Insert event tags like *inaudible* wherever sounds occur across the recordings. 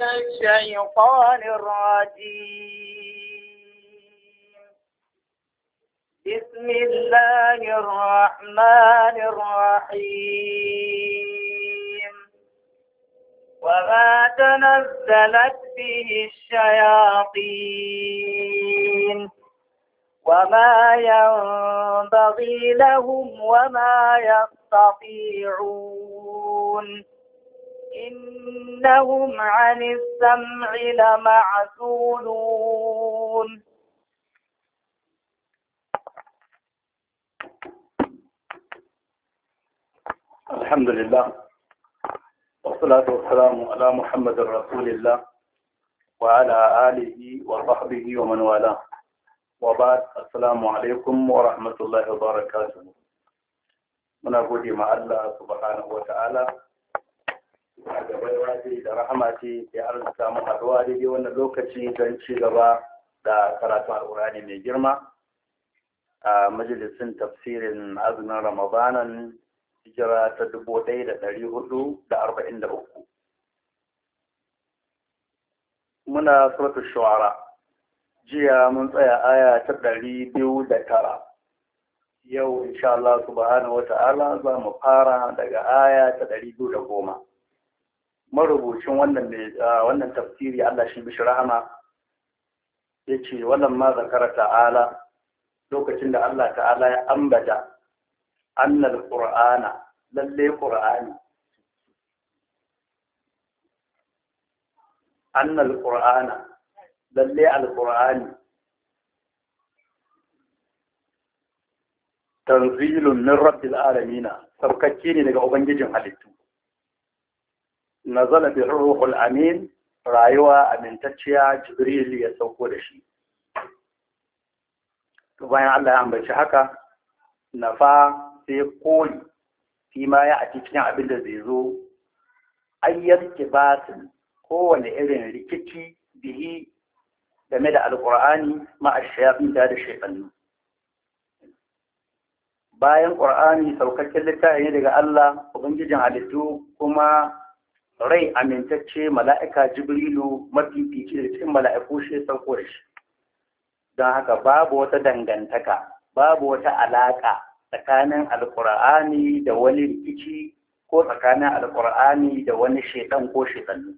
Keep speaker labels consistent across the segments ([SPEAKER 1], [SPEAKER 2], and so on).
[SPEAKER 1] من الشيطان الرجيم بسم الله الرحمن الرحيم وما تنزلت به الشياطين وما ينبغي لهم وما يستطيعون إنهم عن السمع لمعزولون
[SPEAKER 2] الحمد لله والصلاة والسلام على محمد رسول الله وعلى آله وصحبه ومن والاه وبعد السلام عليكم ورحمة الله وبركاته من أقول ما الله سبحانه وتعالى da baiwa ce da rahama ce ya arzika mu haɗuwa daidai wannan lokaci don ci gaba da karatu al'urani mai girma a majalisin tafsirin azumin ramadanan hijira ta dubu ɗaya da ɗari hudu da arba'in da uku muna suratul shu'ara jiya mun tsaya aya ta ɗari biyu da tara yau insha Allah subhanahu wa ta'ala za mu fara daga aya ta ɗari biyu da goma marubucin wannan ah, wannan tafsiri Allah shi bishi rahama yace wannan ma zakara ta'ala lokacin da Allah ta'ala ya ambata annal qur'ana lalle qur'ani annal qur'ana lalle tanzilun min rabbil alamin sarkacce ne daga ubangijin halittu nazala bi ruhul amin rayuwa amintacciya jibril ya sauko da shi bayan Allah ya ambaci haka nafa sai koli fi ma ya a cikin abin da zai zo ayyar kibatin kowane irin rikici bihi game da alkur'ani ma'a shayafin da da bayan ƙur'ani saukakken littafi ne daga Allah ubangijin halittu kuma rai amintacce mala'ika jibrilu fice, da cikin mala'iku shi sauko da shi don haka babu wata dangantaka babu wata alaƙa tsakanin alƙur'ani da wani rikici ko tsakanin alƙur'ani da wani shekan ko shaitanni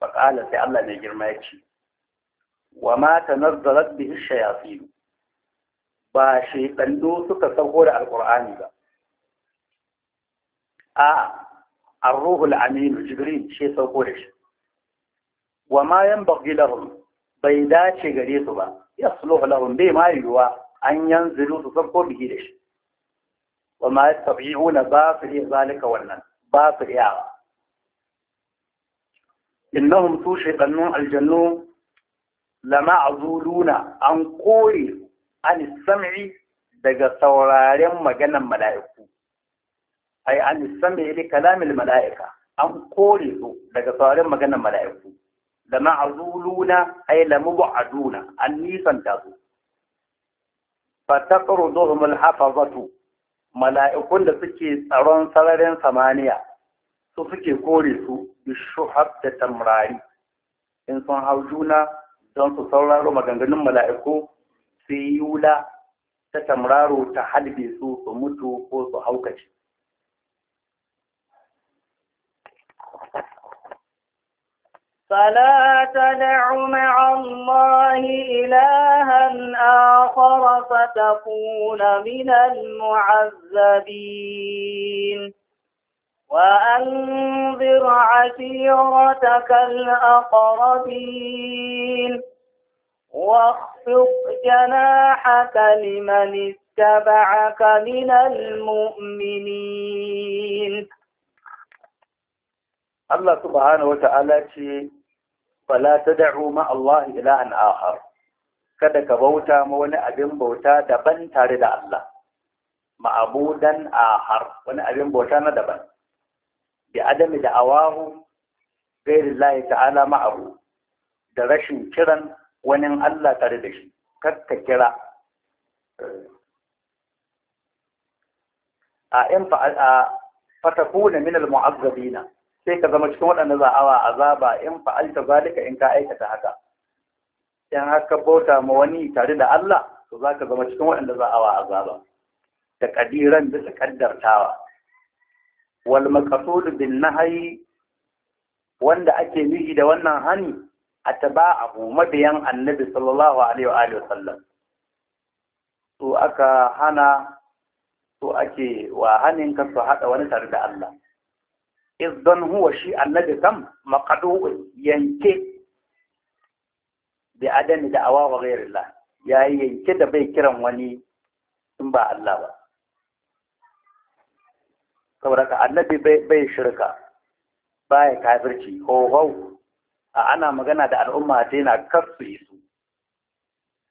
[SPEAKER 2] Baƙala sai Allah mai girma ya ce wa mata ma tanazzalat bihi shayatin ba shekannu suka sauko da alƙur'ani ba a ar-ruhul Aminu jibril shi sauko da shi wa ma yanbaghi bai dace gare su ba yasluhu lahum bai ma yiwuwa an yanzilu su sauko bihi da shi wa ma yastabi'una ba su iya wannan ba su iyawa innahum su shaytanun aljannu lama azuluna an kore ani sam'i daga sauraren maganar malayaku. ay an sami kalam al mala'ika an kore su daga sauran maganar mala'iku da ma'azuluna ay la mubaduna an nisan ta su fa taqruduhum al-hafazatu mala'ikun da suke tsaron sararin samaniya su suke kore su bi shuhab da tamrari in sun hau juna don su sauraro maganganun mala'iku sai yula ta tamraro ta halbe su su mutu ko su haukace
[SPEAKER 1] فلا تدع مع الله إلها آخر فتكون من المعذبين وأنذر عشيرتك الأقربين واخفض جناحك لمن اتبعك من المؤمنين
[SPEAKER 2] الله سبحانه وتعالى fala tad'u ma Allah ilahan akhar kada ka bauta ma wani abin bauta daban tare da Allah ma'abudan ahar wani abin bauta na daban bi adami da awahu gairi lahi ta'ala ma'ahu da rashin kiran wani Allah tare da shi kar ka kira a in fa fatakuna min al-mu'azzabina sai ka zama cikin waɗanda za a azaba in fa'alta zalika in ka aikata haka in haka bauta ma wani tare da Allah to za ka zama cikin waɗanda za a azaba da kadiran bisa kaddartawa wal maqsud bin nahyi wanda ake nufi da wannan hani abu mabiyan annabi sallallahu alaihi wa alihi wasallam to aka hana to ake wa hanin ka su wani tare da Allah izdan huwa shi annabi kam maqadu yanke bi adami da awa wa ghairillah ya yanke da bai kiran wani in ba Allah ba saboda annabi bai shirka baya kafirci ho a ana magana da al'umma ta yana kasu isu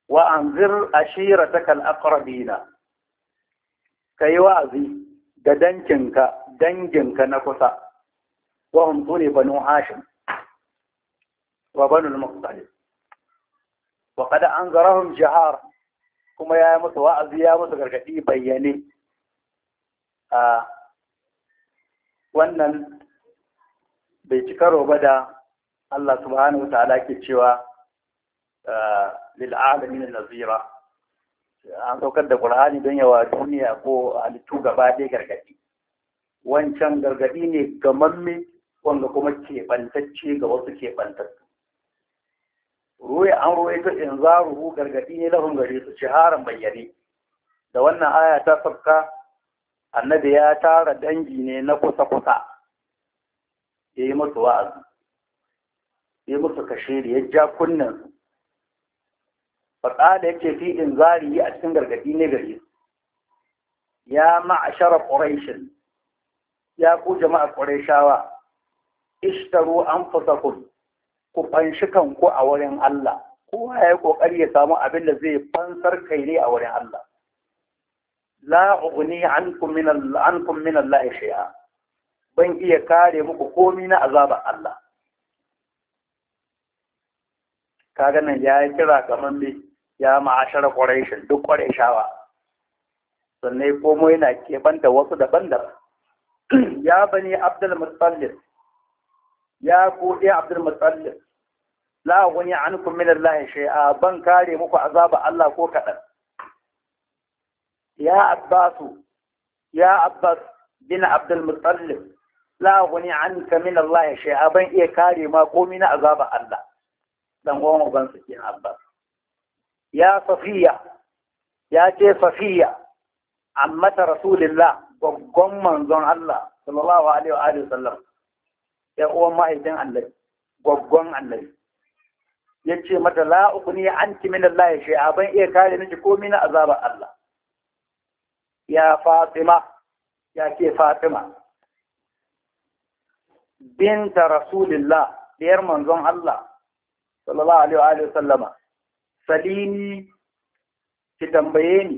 [SPEAKER 2] wa anzir ashirataka al-aqrabina kai wa'azi ga dankinka danginka na kusa وهم بني بنو هاشم وبنو المطلب وقد أنذرهم جهارا كما يا مسو وعظ يا مسو غرغدي بياني ا wannan bai ci karo ba da Allah subhanahu wataala ke cewa lil alamin nazira an saukar da Qur'ani don yawa duniya ko halittu gaba ɗaya gargadi wancan gargadi ne gamamme wanda kuma keɓantacce ga wasu keɓantattu ruwa an ruwa ta in za ruhu gargaɗi ne lafin gare su harin bayyane da wannan aya ta sabka annabi ya tara dangi ne na kusa-kusa ya yi musu wa'azi ya yi musu kashe da ya ja kunnen su faɗa da yake fi in zari a cikin gargaɗi ne gare su ya ma'ashara ƙuraishin ya ku jama'a ƙuraishawa ishtaru fasa ku fanshi kanku a wurin Allah kowa ya yi ƙoƙari ya samu abin da zai fansar kai ne a wurin Allah la ughni an min ankum min Allah ban iya kare muku komi na azabar Allah kaga nan ya kira kamar me ya ma'ashar ƙwarashin duk ƙwarashawa sannan komo yana keɓanta wasu daban-daban *clears throat* ya bani abdul mutsallis ya ku ɗaya abdul mutsallim la wani ankum min Allah shay'a ban kare muku azaba Allah ko kaɗan ya abbasu ya abbas bin abdul mutsallim la wani anka min Allah shay'a ban iya kare ma komai na azaba Allah dan goma ban su kenan abbas ya safiya ya ce safiya amma ta rasulillah gwaggon manzon Allah sallallahu alaihi wa sallam ‘yan uwan ma’aikin Allah, gwaggon Allah. ya ce mata "la'uku ne an ki min Allah shi, abin iya kare miki ko na azabar Allah ya Fatima ya ke Fatima binta rasulillah diyar manzon Allah sallallahu alaihi wa sallama salini ki tambaye ni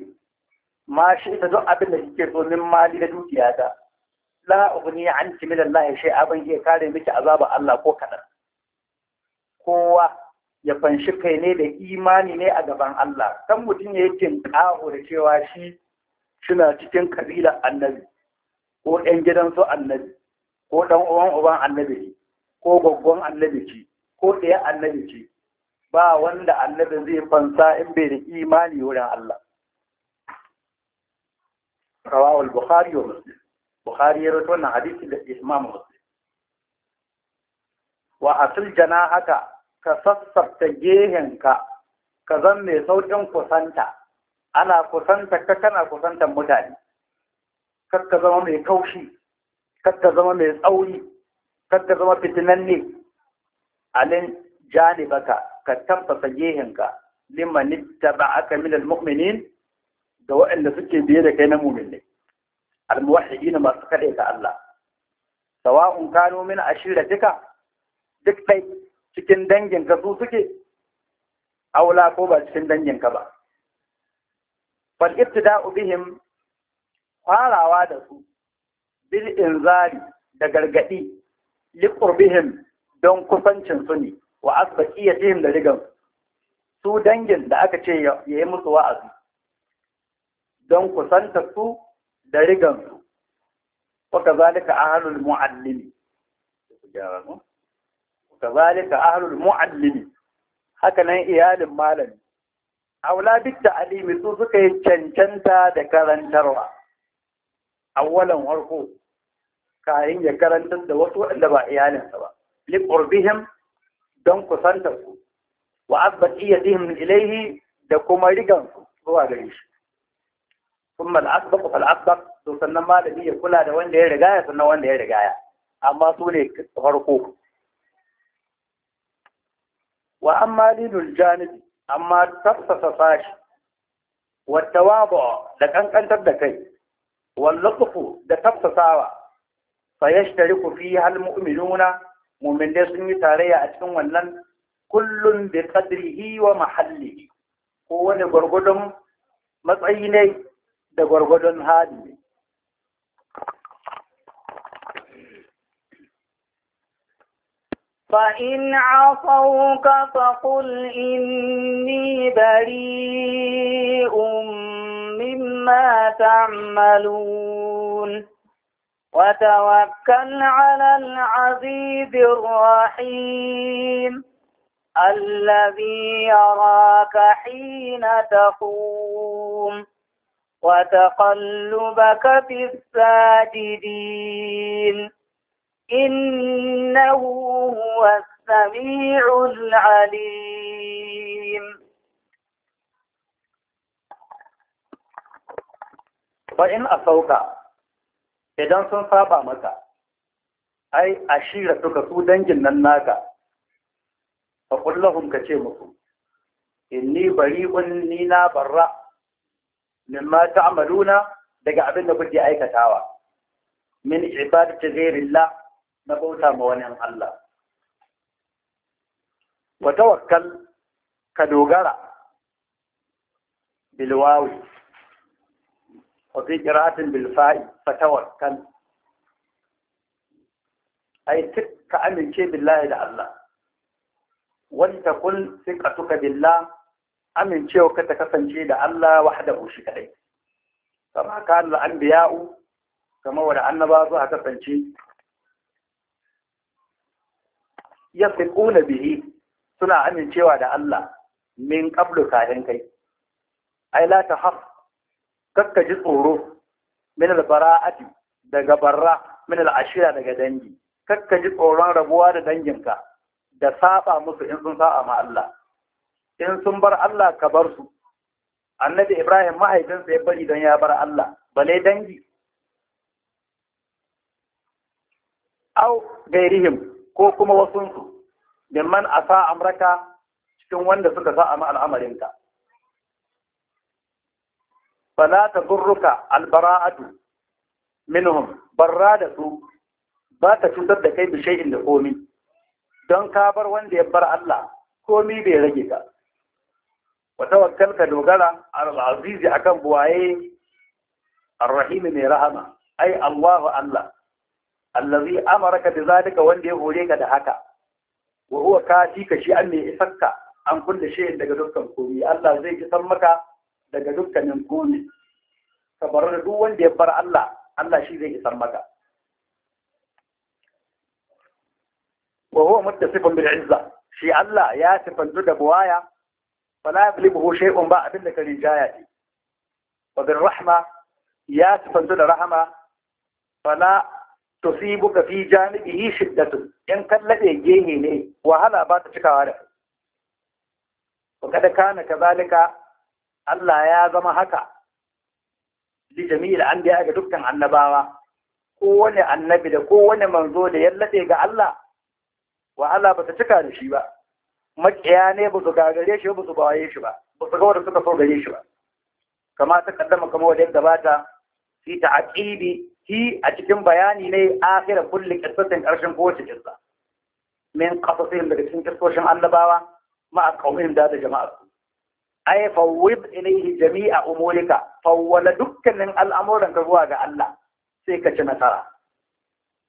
[SPEAKER 2] ma shi ta duk abin da kike so min mali da dukiyata la ubni anki min Allah shay aban ya kare miki azaba Allah ko kadan kowa ya fanshi kai ne da imani ne a gaban Allah kan mutum ya yake kaho da cewa shi suna cikin kabila annabi ko ɗan su annabi ko ɗan uwan uban annabi ne ko gwaggon annabi ce ko ɗaya annabi ce ba wanda annabi zai fansa in bai da imani wurin Allah rawawul bukhari wa muslim bukhari ya rawaito wannan hadisi da imam muslim wa asil haka ka sassafta gehenka ka zan mai saukin kusanta ana kusanta ka kana kusanta mutane kar zama mai kaushi kar zama mai tsauri kar ka zama fitinanne alin janibaka ka tabbasa gehenka liman aka min mu'minin da waɗanda suke biye da kai na mu'minin almuwahhidina masu ta Allah sawa'un kanu min ashiratika duk dai cikin dangin ka su suke aula ko ba cikin dangin ka ba fal ibtida'u bihim farawa da su bil inzari da gargadi li qurbihim don kusancin su ne wa asbaqiyatihim da rigan su dangin da aka ce ya yi musu wa'azi don kusanta su da rigansu waka zalika ahlul muallimi waka zalika ahlul muallimi haka nan iyalin malami aula da alimi su suka yi cancanta da karantarwa awwalan warko, kayan ya karantar da wasu waɗanda ba iyalinsa ba liqurbihim don kusantar ku wa abbatiyatihim ilaihi da kuma rigansu zuwa gare shi ثم الأسبق فالأسبق سوسن ما الذي يقول هذا وين هي رجاية سنة وين هي رجاية أما سوني غرقو وأما لين الجانب أما تقص صفاش والتواضع لكن أن تبدأ واللطف ده تقص صاوى فيشترك فيها المؤمنون ومن يسمي تاريا أتنوا لن كل بقدره ومحله هو نبرغلهم مطعيني da gwargwadon
[SPEAKER 1] فإن عصوك فقل إني بريء مما تعملون وتوكل على العزيز الرحيم الذي يراك حين تقوم وتقلبك في الساجدين إنه هو السميع العليم
[SPEAKER 2] وإن أصوك إذا سنصاب مكة أي عشيرتك سودان جنن ناكا فقل لهم كشي مصر إني بريء نينا برأ mimma ta'maluna daga abin da kuke aikatawa min ibadati ghairillah na bauta ma wani Allah wa tawakkal ka dogara bil wawi wa fi qira'atin bil fa'i fa tawakkal ai ka amince billahi da Allah wal takun thiqatuka billah amincewa ka ta kasance da Allah wahdahu shi kadai kama kana anbiya'u kama wanda annaba su a kasance Ya fi ƙuna bihi suna amincewa da Allah min ƙablu kayan kai ai la haf kakka ji tsoro min albara'ati daga barra min al'ashira daga dangi kakka ji tsoron rabuwa da danginka da saba musu in sun saba ma Allah in sun bar Allah ka bar su annabi Ibrahim mahaifinsa ya bari don ya bar Allah bale dangi au gairihim ko kuma wasunsu man a sa amraka cikin wanda suka sa ama al'amarinka fala ta burruka albara'atu minhum barra da su ba ta cutar da kai bishai inda komi don ka bar wanda ya bar Allah komi bai rage ka wa tawakkal ka dogara al-azizi akan buwaye ar-rahim mai rahama ai Allahu Allah allazi amaraka bi zalika wanda ya hore ka da haka wa huwa kafika shi an mai isakka an kulle shi daga dukkan komai Allah zai kisan maka daga dukkanin komai ka bar duk wanda ya bar Allah Allah shi zai kisan maka wa huwa muttasifun bil izza shi Allah ya sifantu da waya. fala yablibuhu shay'un ba abin da kare jaya ne wa bir rahma ya tafantu da rahama fala ka fi janibihi shiddatu in kallabe gehe ne wahala ba ta cikawa da wa kada kana kazalika Allah ya zama haka li jami'il anbiya ga dukkan annabawa kowane annabi da kowane manzo da yallabe ga Allah wahala ba ta cika da shi ba maƙiya ne ba su gagare shi ba su bawaye shi ba ba su gawar suka so gare shi ba kama ta kaddama kama wadda gabata fi ta'aqibi fi a cikin bayani ne akhira kulli qissatin karshen kowace kissa min qasasihim daga cikin kissoshin annabawa ma qaumihim da jama'a ay fawwid ilayhi jami'a umurika fawwala dukkanin al'amuran ka zuwa ga Allah sai ka ci nasara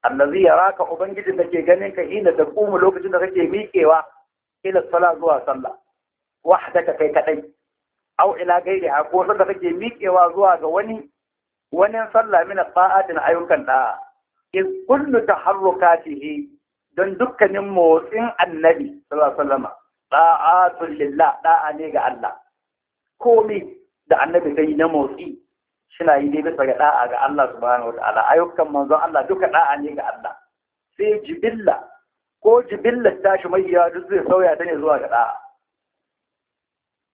[SPEAKER 2] allazi yaraka ubangijin da ke ganin ka ina da kuma lokacin da kake miƙewa ila sala zuwa sallah wahdaka kai kadai aw ila ha ko sanda kake miƙewa zuwa ga wani wani salla min sa'atin ayyukan da in kullu taharrukatihi don dukkanin motsin annabi sallallahu alaihi lillah da'a ne ga Allah komai da annabi yi na motsi shina yi dai bisa ga da'a ga Allah subhanahu wa ta'ala ayyukan manzon Allah duka da'a ne ga Allah sai jibilla ko jibillar tashi yawa duk zai sauya ta ne zuwa ga ɗa'a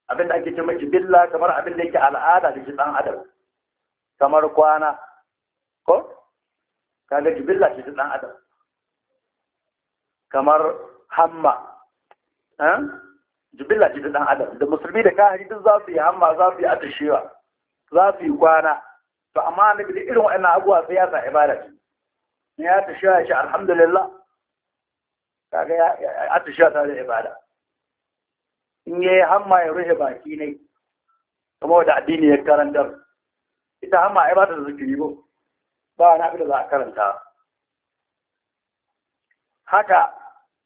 [SPEAKER 2] abinda ake cewa jibilla kamar abin da yake al'ada da ɗan adam kamar kwana ko kaga jibilla ce shi ɗan adam kamar hamma eh? jibilla ce shi ɗan adam da musulmi da kahari duk za su yi hamma za su yi atashewa za su yi kwana to amma na da irin waɗannan abubuwa sai ya sa ibada ce ya tashewa ya ce alhamdulillah kaga ya atisha ta da ibada in yayi hamma ya rufe baki ne kuma da addini ya karantar ita hamma ai ba ta zikiri ba ba na fi da za a karanta haka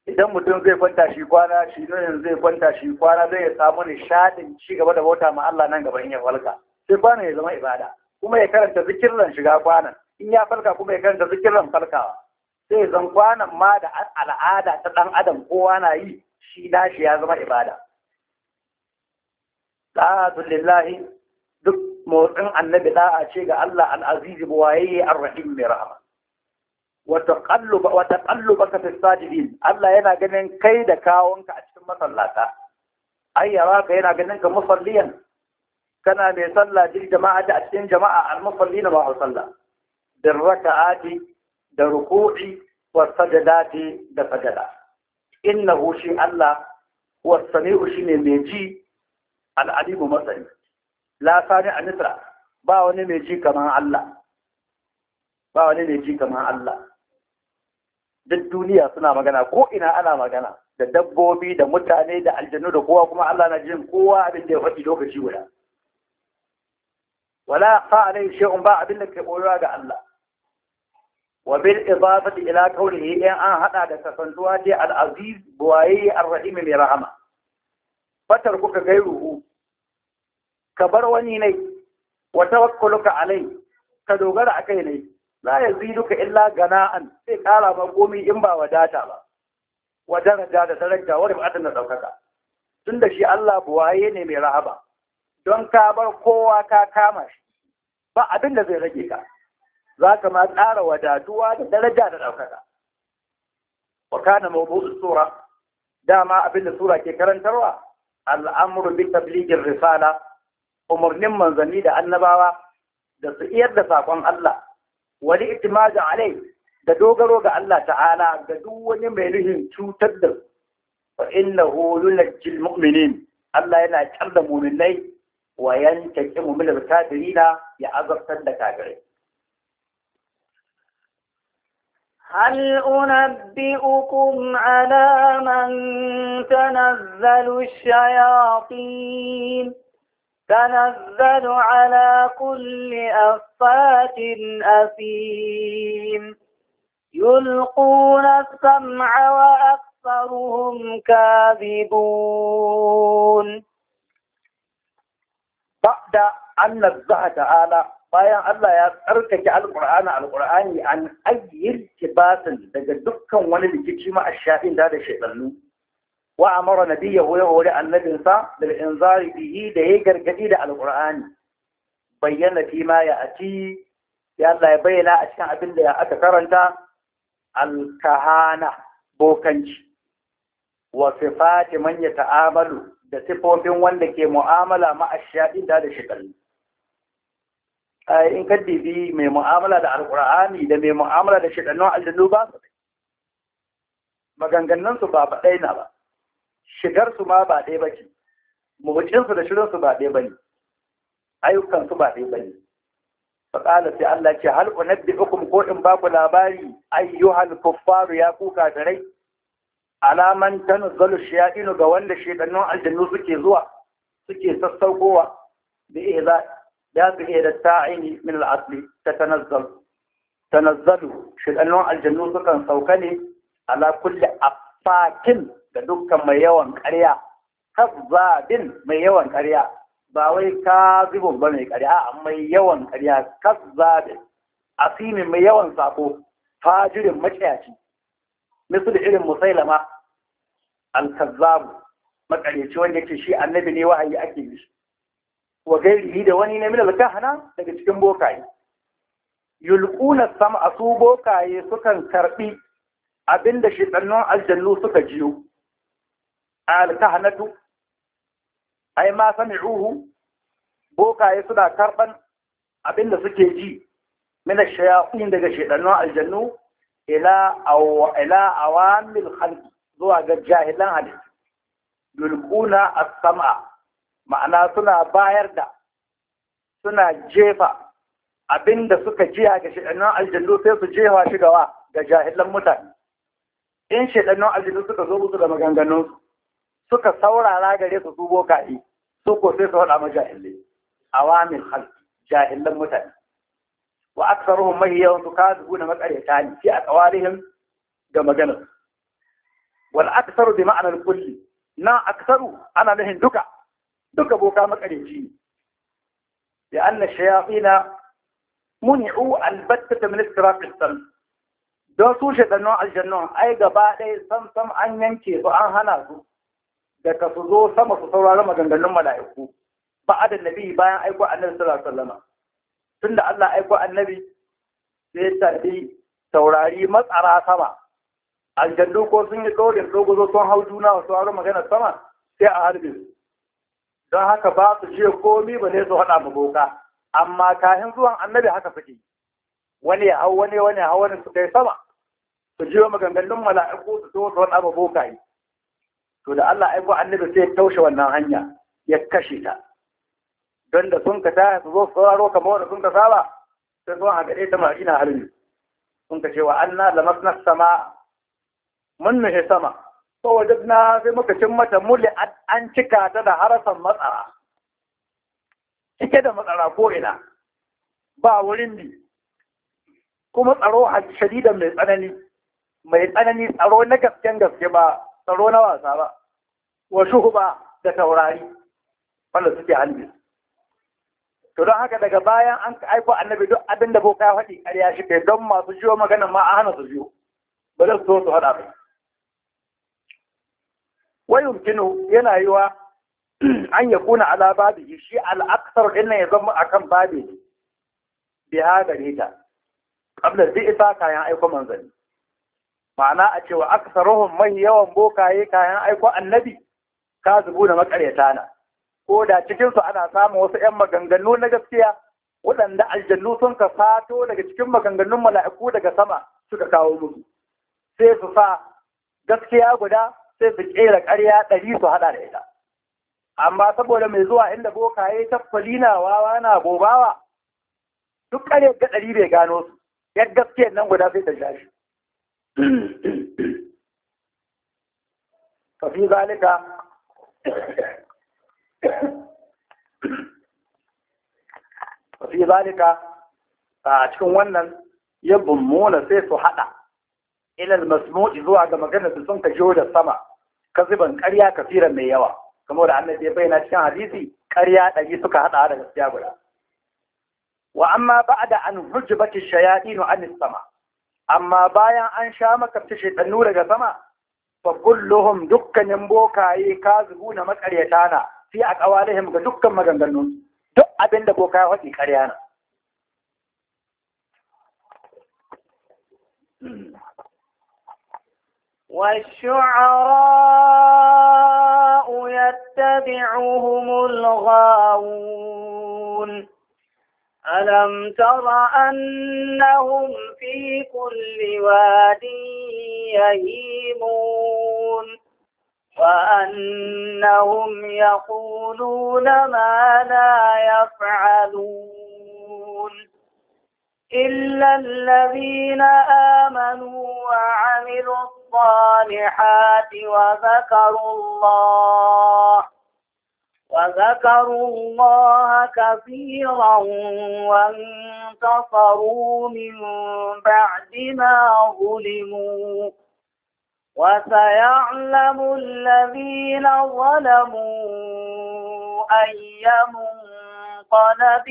[SPEAKER 2] idan mutum zai kwanta shi kwana shi nonin zai kwanta shi kwana zai samu nishadin ci gaba da bauta ma Allah nan gaban ya falka sai kwana ya zama ibada kuma ya karanta zikirran shiga kwanan in ya falka kuma ya karanta zikirran falkawa sai zan kwanan ma da al'ada ta ɗan adam kowa na yi shi nashi ya zama ibada ta'atun lillahi duk motsin annabi da'a ce ga Allah al'azizi buwaye an rahim mai rahama wata baka ka fisajidin Allah yana ganin kai da kawonka a cikin masallata ai ka yana ganin ka musalliyan kana mai sallah jirgin jama'a da a cikin jama'a al na ba sallah a da ruku'i wa sajadati da sajada innahu shi Allah wa sami'u shine mai ji al'alimu masani la sani a nisra ba wani mai ji kamar Allah ba wani mai ji kamar Allah duk duniya suna magana ko ina ana magana da dabbobi da mutane da aljannu da kowa kuma Allah na jin kowa abin da ya faɗi lokaci guda wala fa alai shay'un ba abin da ke boyewa ga Allah wa bil idafati ila qawlihi in an hada da kasantuwa ce al aziz buwaye ar rahim mai rahama fatar kuka gairuhu ka bar wani ne wa tawakkaluka alai ka dogara akai ne la yaziduka illa gana'an sai kara ba in ba wadata ba wa daraja da daraja wa rifatan da daukaka tunda shi Allah buwaye ne mai rahaba don ka bar kowa ka kama shi ba abin da zai rage ka za ka ma ƙara wadatuwa da daraja da ɗaukaka. Wa kana mawdu'u sura dama abin da sura ke karantarwa al'amru bi tablighir risala umarnin manzanni da annabawa da su iyar da sakon Allah wani itimaju alai da dogaro ga Allah ta'ala ga duk wani mai nuhin cutar da fa innahu yunajjil mu'minin Allah yana kyar da mu'minai wa yantaqimu min al-kafirina ya azabtar da kafirai
[SPEAKER 1] هل أنبئكم على من تنزل الشياطين تنزل على كل أفات أثيم يلقون السمع وأكثرهم كاذبون
[SPEAKER 2] بعد أن الله تعالى bayan Allah ya tsarkake alƙur'ani alƙur'ani an ayyir kibatin daga dukkan wani rikici ma ashafin da da shaidannu wa amara nabiyahu ya hori annabinsa da inzari bihi da ya gargadi da alƙur'ani bayyana fi ma ya ati ya Allah ya bayyana a cikin abin da aka karanta alkahana bokanci wa sifati man ya ta'amalu da sifofin wanda ke mu'amala ma da da shaidannu Eh, in ka dibi mai mu'amala da alkur'ani da mai mu'amala da shaɗannun aljannu ba su maganganun su ba ɗaya na ba shigar su ma ba ɗaya ba ce mubucin su da shirin su ba ɗaya ba ne ayyukan su ba ɗaya ba ne faƙala sai Allah ce hal unabbi ukum ko in ba ku labari ayyuhal kuffaru ya kuka da rai alaman tanzalu shayatin ga wanda shedannun aljannu suke zuwa suke sassaukowa bi ihza لازم إلى الساعين من العصل تتنزل تنزل شو الأنواع الجنون كان سوكني على كل أفاكن دوكا ميوان كريا كذابين ميوان كريا باوي كاذب بني كريا ميوان كريا كذابين أثيم ميوان ساقو فاجر مكياتي مثل علم مسيلمة الكذاب makareci wanda yake النبي نيوهي أكيد wa gairihi da wani ne minal kahana daga cikin bokaye yulquna sam'a su bokaye sukan karbi abinda shaytanun aljannu suka jiyo alkahanatu ai ma sami'uhu bokaye suna karban abinda suke ji mina shayatin daga shaytanun aljannu ila aw ila awamil zuwa ga jahilan halittu, yulquna as-sam'a ma'ana suna bayar da suna jefa abinda suka jiya ga shaɗannan aljannu sai su jefa shi gawa ga jahilan mutane in shaɗannan aljannu suka zo musu da maganganunsu suka saurara gare su su boka'i su ko sai su faɗa ma jahilai awamin hal jahilan mutane wa aksaruhum mahiyawan su zubu na maƙaryata ne fi a ƙawarihim ga maganar wal aksaru bi ma'anar kulli na aksaru ana nufin duka duka boka makareci ne da anna na. muni'u albatta ta ministra kristal don su shaɗannan aljannun ai gaba ɗaya sam sam an yanke su an hana su da ka su zo sama su saurari maganganun mala'iku ba a da nabi bayan aiko annabi sallallahu alaihi tun da Allah aiko annabi sai ta bi saurari matsara sama aljannu ko sun yi ɗorin dogozo sun hau juna su maganar sama sai a harbe su don haka ba su ce komi ba ne su haɗa maboka. amma kayan zuwan annabi haka suke wani ya hau wani wani hau wani su kai sama su jiwa maganganun mala'iku su so su haɗa mu yi to da Allah aiko annabi sai ya taushe wannan hanya ya kashe ta don da sun ka ta su zo su sauraro kamar wanda sun ka saba sai sun haka ɗaya samari na halin sun ka ce wa anna lamasna sama mun nuhe sama fawajar na sai muka cin mata muli an cika ta da harasan matsara cike da matsara ko ina ba wurin ne kuma tsaro a shadidan mai tsanani mai tsanani tsaro na gasken gaske ba tsaro na wasa ba wa ba da taurari wanda suke hannu. to don haka daga bayan an aiko annabi duk abin da boka ya faɗi ƙarya shi kai don masu jiyo maganin ma a hana su jiyo ba zai so su haɗa ba wayumkinu yana yiwa an ya kuna ala babi shi al'aksar dinnan ya zama akan babi ne bi ha gare ta zai isa kayan aiko manzanni ma'ana a cewa aksaruhum mai yawan bokaye kayan aiko annabi ka zubu da makaryata na ko da cikin ana samun wasu 'yan maganganu na gaskiya waɗanda aljannu sun ka fato daga cikin maganganun mala'iku daga sama suka kawo musu sai su sa gaskiya guda sai su kera ƙarya ɗari su haɗa da ita amma saboda mai zuwa inda yi tafali na wawa na gobawa duk ƙarya ga ɗari bai gano su ya gaske nan guda sai ta shashi fafi zalika fafi zalika a cikin wannan ya bummuna sai su haɗa ilal masmu'i zuwa ga maganar da sun ka da sama kaziban ƙarya kasiran mai yawa kamar da annabi ya na cikin hadisi ƙarya ɗari suka haɗa da gaskiya guda wa amma ba'da an hujbati shayatinu an sama amma bayan an sha maka ɗannu daga sama fa kulluhum dukkanin bokaye kazubu na maƙaryata na fi a ƙawalihim ga dukkan maganganun duk abin da boka ya faɗi ƙarya na
[SPEAKER 1] والشعراء يتبعهم الغاوون ألم تر أنهم في كل واد يهيمون وأنهم يقولون ما لا يفعلون إلا الذين آمنوا وعملوا الصالحات وذكروا الله وذكروا الله كثيرا وانتصروا من بعد ما ظلموا وسيعلم الذين ظلموا أي منقلب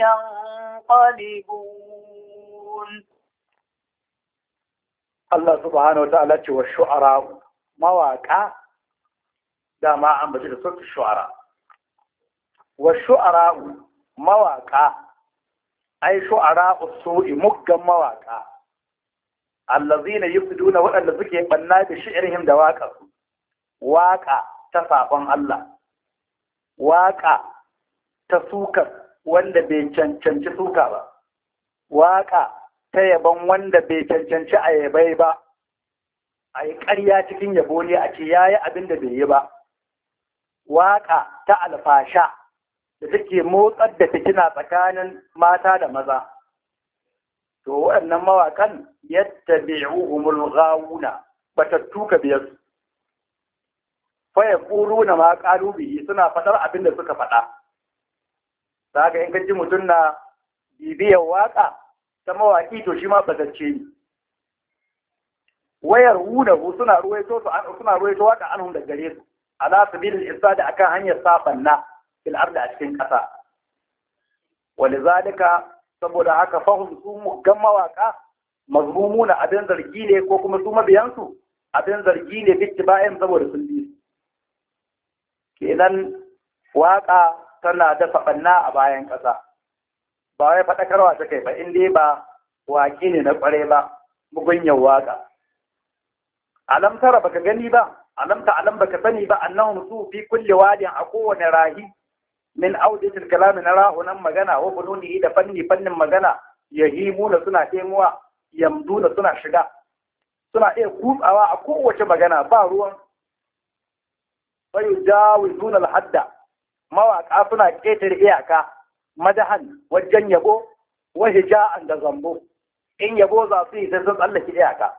[SPEAKER 1] ينقلبون
[SPEAKER 2] Allah subhanahu wa ta'ala ce wa shu'ara
[SPEAKER 1] mawaka
[SPEAKER 2] dama an bace da sautu shu'ara wa shu'ara mawaka ai shu'ara usu'i muggan mawaka allazina duna waɗanda suke banna da shi'irhim da waka waka ta sabon Allah Waƙa ta suka wanda bai cancanci suka ba Waƙa. ta yaban wanda bai cancanci a yabai ba a yi ƙarya cikin yabo ne a ce ya yi abin da bai yi ba waƙa ta alfasha da take motsar da fitina tsakanin mata da maza to waɗannan mawaƙan yadda bai bi'uhumul ba batattu ka biyar Faya ƙuru na ma qalu suna faɗar abin da suka faɗa zaka in mutum na bibiyar waƙa ta mawaƙi to shi ma batacce ne wayar ku suna ruwaito su suna ruwaito waka anhum da gare su ala da isad akan hanyar na fil ardi a cikin ƙasa Wani zalika saboda haka fahim su mawaƙa, mawaka mazmumuna abin zargi ne ko kuma su mabiyansu abin zargi ne bitti bayan saboda sun bi kenan waka tana dafa ɓanna a bayan ƙasa ba wai faɗakarwa ta kai ba in dai ba waƙi ne na ƙware ba mugunyar waƙa alam tara baka gani ba alam ta alam baka sani ba annahum su fi kulli wadin a kowane rahi min auditil kalam na rahunan magana wa fununi da fanni fannin magana muna suna taimuwa yamduna suna shiga suna iya kutsawa a kowace magana ba ruwan bayu jawizuna al-hadda mawaka suna ƙetare iyaka madahan wajen yabo wahi hija'an da zambo in yabo za su yi sai sun tsallake iyaka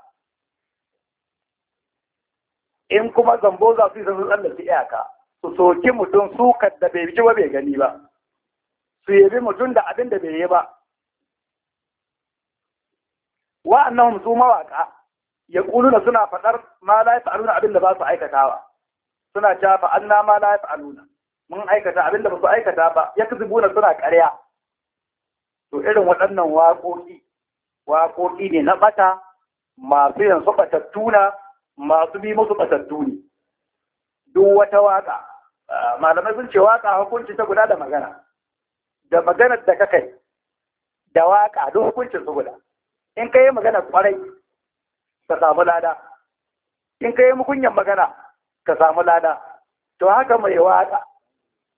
[SPEAKER 2] in kuma zambo za su yi sai sun tsallake iyaka su soki mutum sukar da bai ji ba bai gani ba su yabi mutum da abin da bai yi ba wa'annan su mawaka ya kuluna suna faɗar ma la yaf'aluna abin da ba su aikatawa suna cewa fa anna ma la yaf'aluna mun aikata abinda ba su aikata ba ya buna suna karya. to irin waɗannan waƙoƙi waƙoƙi ne na ɓata masu yanzu ɓatattu na masu bi musu ɓatattu ne duk wata waƙa malamai sun ce waƙa hukunci ta guda da magana da maganar da ka kai da waƙa duk hukuncin su guda in ka yi magana kwarai ka samu lada in ka yi mugunyan magana ka samu lada to haka mai waƙa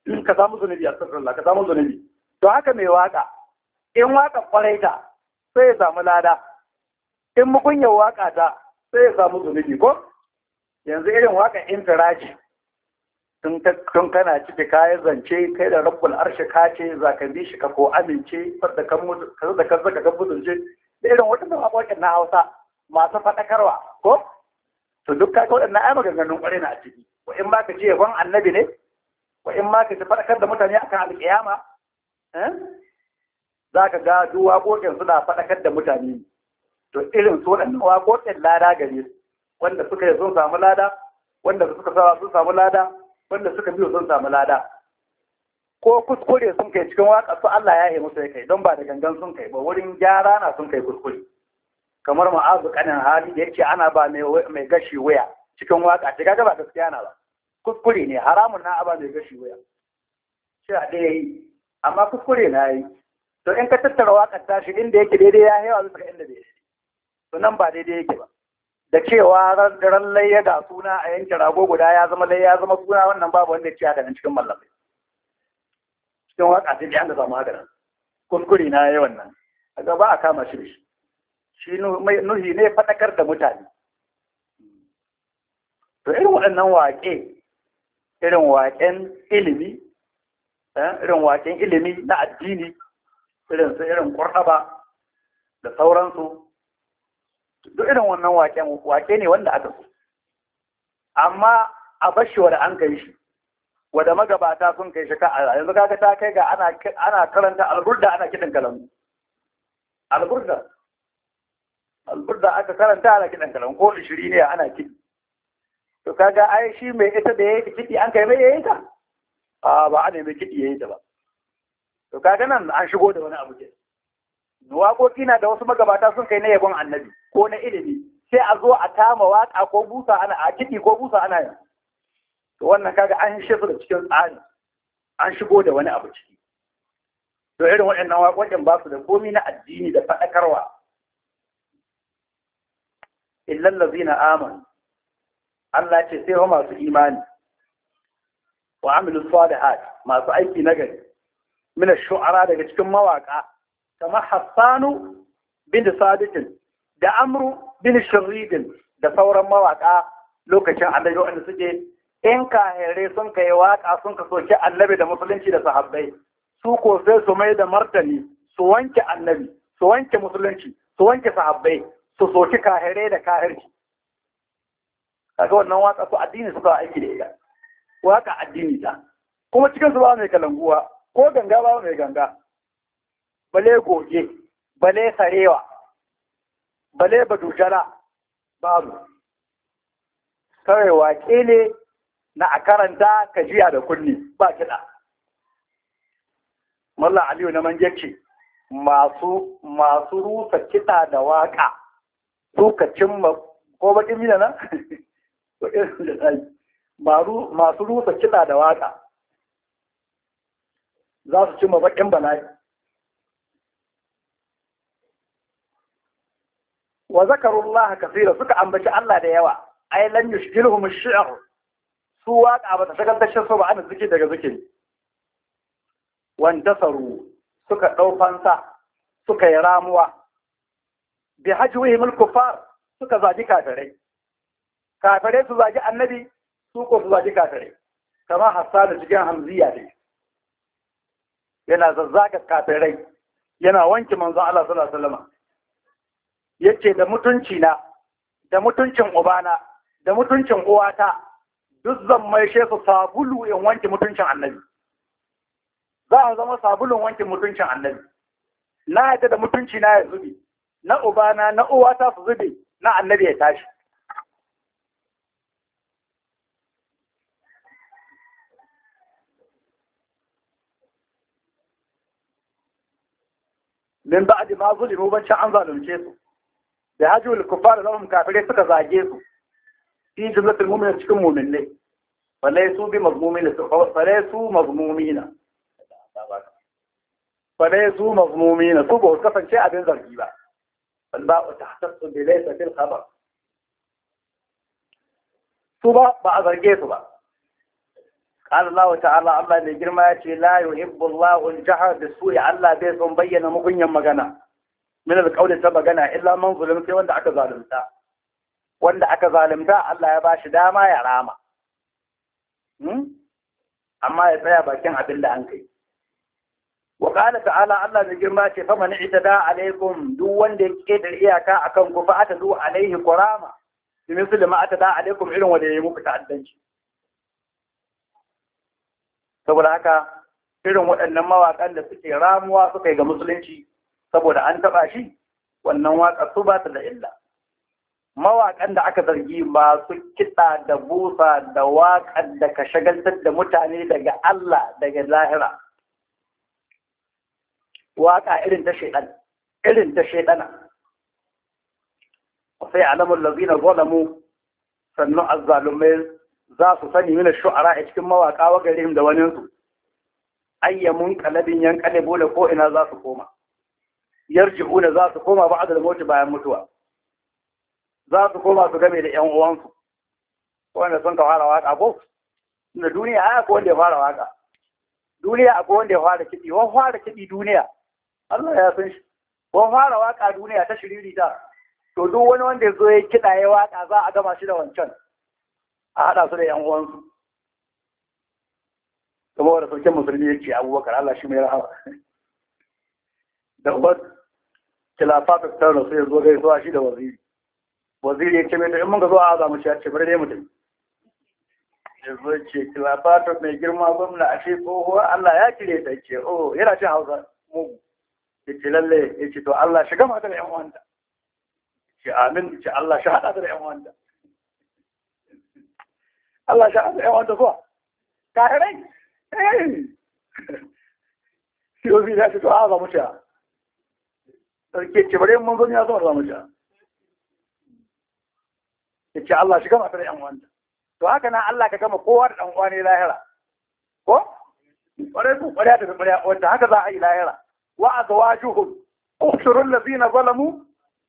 [SPEAKER 2] In ka samu zunubi a sirrilla ka samu zunubi to haka mai waka in waka kwarai ta sai ya samu lada in mugunyar waka ta sai ya samu zunubi ko yanzu irin waka intiraji tun kana ciki kayan zance kai da rabbul arshi ka ce za ka bi shi ka ko amince da kan da kan zaka kan mutunce da irin waɗannan waƙoƙin na Hausa masu faɗakarwa ko to duk kaga waɗannan ai maganganun ƙware na a ciki in ba ka ce yabon annabi ne wa in ma ka faɗakar da mutane akan alƙiyama eh, za ka ga duwa waƙoƙin suna faɗakar da mutane to irin su waɗannan waƙoƙin lada gare su wanda suka yi sun samu lada wanda suka sawa sun samu lada wanda suka biyo sun samu lada ko kuskure sun kai cikin waƙa su Allah ya yi musu ya kai don ba da gangan sun kai ba wurin gyara na sun kai kuskure kamar ma'azu kanin hali da yake ana ba mai gashi waya cikin waƙa ta kaga ba gaskiya na ba kuskure ne haramun na aba mai gashi wuya shi a ɗaya yi amma kuskure na yi to in ka tattara waƙar tashi inda yake daidai ya yawa bisa inda bai yi to nan ba daidai yake ba da cewa ran layya ga suna a yanke rago guda ya zama layya ya zama suna wannan babu wanda ya ci haka nan cikin mallamai cikin waƙa sai dai da zama haka kuskure na yi wannan a gaba a kama shi shi shi nuhi ne faɗakar da mutane to irin waɗannan waƙe irin waƙen ilimi eh, irin waƙen ilimi na addini irin su irin ƙur'aba da sauransu duk irin wannan waƙen waƙe ne wanda aka so amma a bashi wanda an kai shi wadda magabata sun kai shi ka'ala yanzu kaka ta kai ga ana karanta alburda ana kiɗan kalamu alburda alburda aka karanta ana kiɗan kalamu ko shiri ne ana kiɗi to kaga ai shi mai ita da yayi kiɗi an kai mai yayin ta a ba a mai kiɗi yayin ta ba to kaga nan an shigo da wani abu ke waƙoƙi na da wasu magabata sun kai na yabon annabi ko na ilimi sai a zo a tama waƙa ko busa ana a kiɗi ko busa ana yin to wannan kaga an shi da cikin tsari an shigo da wani abu ciki to irin waɗannan waƙoƙin ba su da komi na addini da faɗakarwa illal ladzina amanu Allah ce sai wa masu imani wa amilu salihat masu aiki na gari min shu'ara daga cikin mawaka kamar Hassanu bin Sadiqin da Amru bin Shirridin da sauran mawaka lokacin annabi wanda suke in kahirai sun kai waka sun ka soki annabi da musulunci da sahabbai su ko sai su mai da martani su wanke annabi su wanke musulunci su wanke sahabbai su soki kahirai da kahirci kaga wannan waka ko addini ba aiki da ita waka addini ta kuma cikin su ba mai kalanguwa ko ganga ba mai ganga bale goge bale sarewa bale badujala babu kawai wake ne na a karanta ka jiya da kunni ba kiɗa malla aliyu na manjeci masu masu rusa kiɗa da waka su ka cimma ko bakin mina nan *laughs* to irin da masu rusa kiɗa da waƙa za su ci mabakin bala'i wa zakarullah kasira suka ambaci Allah da yawa ai lam yushgilhum ash-shi'r su waƙa ba ta shagar su ba ana zikiri daga zikiri wandasaru suka ɗau fansa suka yi ramuwa bi hajwihim al-kuffar suka zaji kafirai kafare su zagi annabi su ko su zagi kafare kamar da cikin hamziya ne yana zazzaga kafirai yana wanke manzon Allah sallallahu alaihi wasallam yace da mutunci na da mutuncin ubana da mutuncin uwata duk zan mai su sabulu in wanke mutuncin annabi za a zama sabulun wanke mutuncin annabi na yadda da mutunci na ya zube na ubana na uwata su zube na annabi ya tashi min ba'di ma zulimu bacci an zalunce su da hajjul da lahum kafire suka zage su fi jumlatul mu'minin cikin mu'minai falai su bi mazmumina falai su mazmumina falai su mazmumina su ba kasance abin zargi ba bal ta tahtassu bi laysa fil khabar su ba ba a zarge su ba قال الله تعالى الله girma ya ce la yuhibbu Allahu al-jahr Allah bai son bayyana mugunyan magana min al ta magana illa man zulum wanda aka zalunta wanda aka zalunta Allah ya bashi dama ya rama amma ya tsaya bakin abin da an kai wa ta'ala Allah mai girma ce fa ita, itada alaikum duk wanda ya da iyaka akan ku fa atadu alaihi irin wanda yayi muku ta'addanci saboda haka irin waɗannan mawaƙan da suke ramuwa suka yi ga musulunci saboda an taɓa shi wannan waƙa su ba ta da illa mawaƙan da aka zargi masu kiɗa da busa da waƙar da ka shagaltar da mutane daga Allah daga lahira waƙa irin ta shaiɗan irin ta shaiɗana sai alamun lazina zalamu sannu azzalumai za su sani mina shu'ara a cikin mawaka wa garin da waninsu ayyamun kalabin yan kalabo da ko ina za su koma na za su koma ba da mutu bayan mutuwa za su koma su game da 'yan uwansu wanda sun ka fara waka ko na duniya a akwai wanda ya fara waka duniya akwai wanda ya fara kiɗi wani fara kiɗi duniya Allah ya san shi wani fara waka duniya ta shiriri ta to duk wani wanda ya zo ya kiɗa ya waka za a gama shi da wancan a haɗa su da yan uwansu kuma wanda sarkin musulmi yake abubakar Allah shi mai rahama da uwar ta tarra sai ya zo a shi da waziri waziri ya ce mai in mun ga zo a azamu shi a ce bari ne mutum ya zo ce kilafatu mai girma gwamna a ce tsohuwa Allah ya kire ta ce oh yana cin hausa mugu ya ce lalle ya ce to Allah shi gama da yan wanda ce amin ce Allah shi haɗa da yan wanda Allah shi abu yawan da zuwa kafirai eh siyobi za su zuwa za mu ta sarki ce bare mun zo ne zuwa za mu ta yace Allah shi gama tare yan wanda to haka nan Allah ka gama kowa da dan uwa ne lahira ko kware ku kware ta kware wanda haka za a yi lahira wa azwajuhum ukhshurul ladina zalamu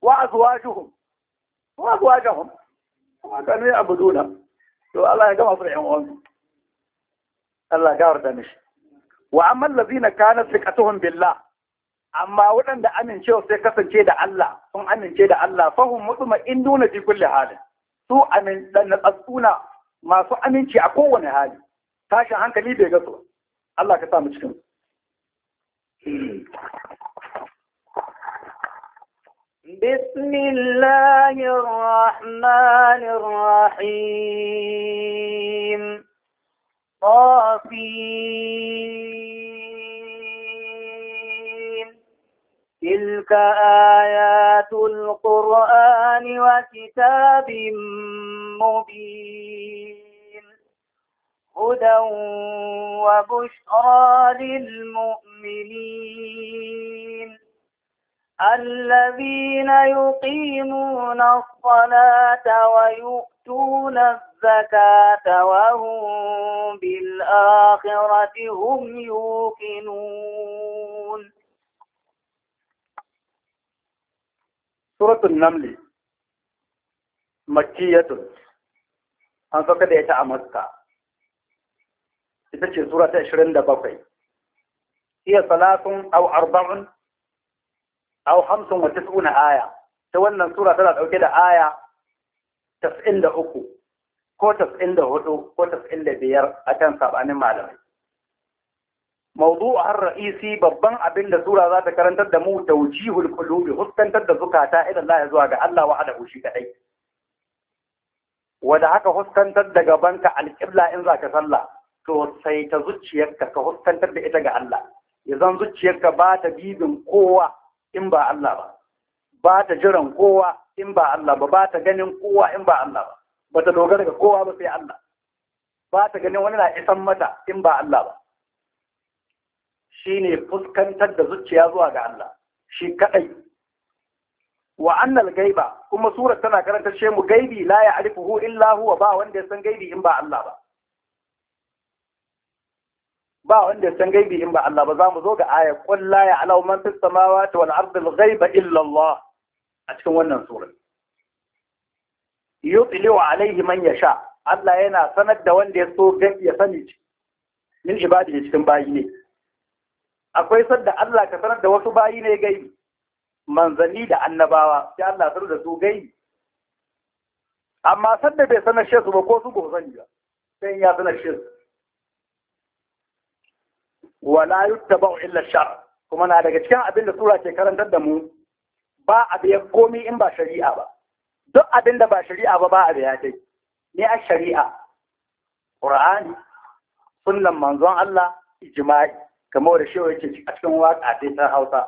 [SPEAKER 2] wa azwajuhum wa azwajuhum wa kanu ya'buduna to Allah ya gama su wani Allah ya da mishi wa amma allazina kana thiqatuhum billah amma waɗanda amincewa sai kasance da Allah sun amince da Allah fahum mutma'innuna fi kulli halin su amin dan tsuna masu aminci a kowane hali tashin hankali bai ga su Allah ka sa mu cikin
[SPEAKER 1] بسم الله الرحمن الرحيم طافين تلك آيات القرآن وكتاب مبين هدى وبشرى للمؤمنين الذين يقيمون الصلاة ويؤتون الزكاة وهم بالآخرة هم يوقنون
[SPEAKER 2] سورة النمل مكية an sauka da إذا سورة Makka ita هي sura أو 27 aw hamsin wa tis'una aya ta wannan sura tana dauke da aya uku ko hudu ko 95 akan sabanin malamai mawdu'ar ra'isi babban abin da sura za ta karantar da mu tawjihul qulubi huskantar da zukata ila Allah zuwa ga Allah wa adahu shi kadai wanda haka huskantar da gabanka alqibla in zaka sallah to sai ta zuciyarka ka huskantar da ita ga Allah yanzu zuciyarka ba ta bibin kowa in ba Allah ba ba ta jiran kowa in ba Allah ba ba ta ganin kowa in ba Allah ba ba ta dogara ga kowa ba sai Allah ba ta ganin wani na isan mata in ba Allah ba Shi ne fuskantar da zuciya zuwa ga Allah shi kaɗai. wa annal gaiba kuma surar tana karanta ce mu gaibi la ya arifuhu illa huwa ba wanda ya san gaibi in ba Allah ba ba wanda san gaibi in ba Allah ba za mu zo ga aya qul la ya'lamu man fis samawati wal ardi al ghaiba illa Allah a cikin wannan sura yutliu alaihi man yasha Allah yana sanar da wanda ya so ya sani min ne cikin bayi ne akwai sanda Allah ka sanar da wasu bayi ne gaibi manzanni da annabawa sai Allah sanar da su gaibi amma sanda bai sanar shi su ba ko su ba sani ba sai ya sanar shi su wala yuttaba'u illa shar kuma na daga cikin abin da sura ke karantar da mu ba a biya komi in ba shari'a ba duk abin da ba shari'a ba ba a biya dai ne a shari'a qur'ani sunnan manzon Allah ijma'i kamar da shewa yake a cikin waka dai ta Hausa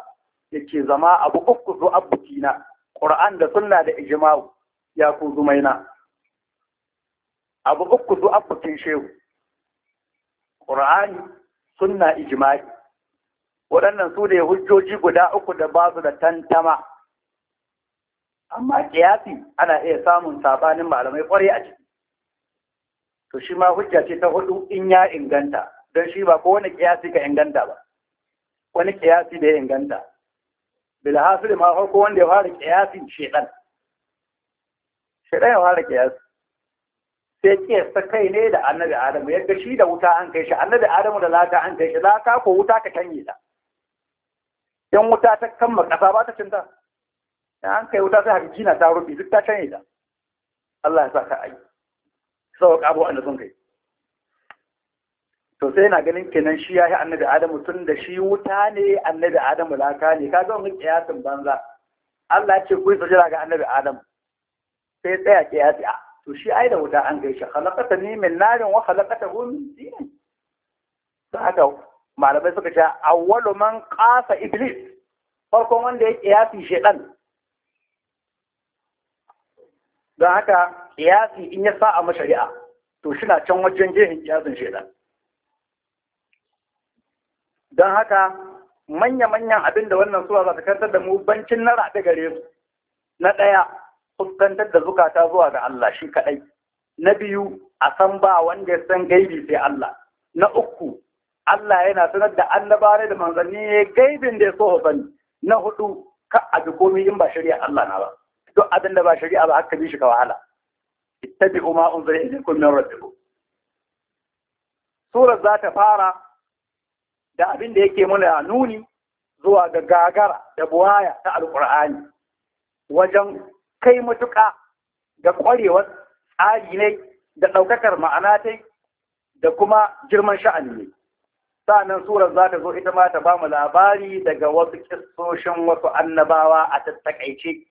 [SPEAKER 2] yake zama abu uku zo abutina qur'an da sunna da ijma'u ya ku zumaina abu uku zo abutin shehu qur'ani sunna ijma'i waɗannan su ne hujjoji guda uku da ba su da tantama amma kiyasi ana iya samun sabanin malamai kwarai a ciki to shi ma hujja ce ta hudu in ya inganta don shi ba ko wani kiyasi ka inganta ba wani kiyasi da ya inganta bilhasil ma farko wanda ya fara kiyasin shedan shedan ya fara kiyasi sai kiyasta kai ne da annabi adamu yadda shi da wuta an kai shi annabi adamu da lata an kai shi laka ko wuta ka canye ta in wuta ta kama kasa ba ta cinta in an kai wuta sai haka jina ta rufe duk ta canye ta Allah ya sa ka ai sau ka abubuwan da sun kai to sai na ganin kenan shi ya yi annabi adamu tun da shi wuta ne annabi adamu laka ne ka zama wani kiyasin banza Allah ya ce ku yi sujira ga annabi adamu sai tsaya kiyasi a to shi ai da wuta an gaishe khalaqata ni min narin wa halakata hu min tin to haka malamai suka ce awwalu man qasa iblis farkon wanda ya kiyasi shedan don haka kiyasi in ya sa a mashari'a to shi na can wajen gehen kiyasin shedan don haka manya-manyan abin da wannan suwa za ta kantar da mu bancin na raɗe gare su na ɗaya kuskantar da zukata zuwa ga Allah shi kaɗai. Na biyu, a san ba wanda ya san gaibi sai Allah. Na uku, Allah yana sanar da annabare da manzanni ya gaibin da ya so sani. Na hudu, ka a bi komai in ba shari'a Allah na ba. Duk abin da ba shari'a ba haka bi shi ka wahala. Ita Ittabi'u ma iya ilaykum min ko. Surar za ta fara da abin da yake mana nuni zuwa ga gagara da buwaya ta Alƙur'ani wajen kai matuƙa ga ƙwarewar tsari ne da ɗaukakar ma'ana ta da kuma girman sha'ani ne. Sa'annan surar za ta zo ita ma ta bamu labari daga wasu kistoshin wasu annabawa a tattakaice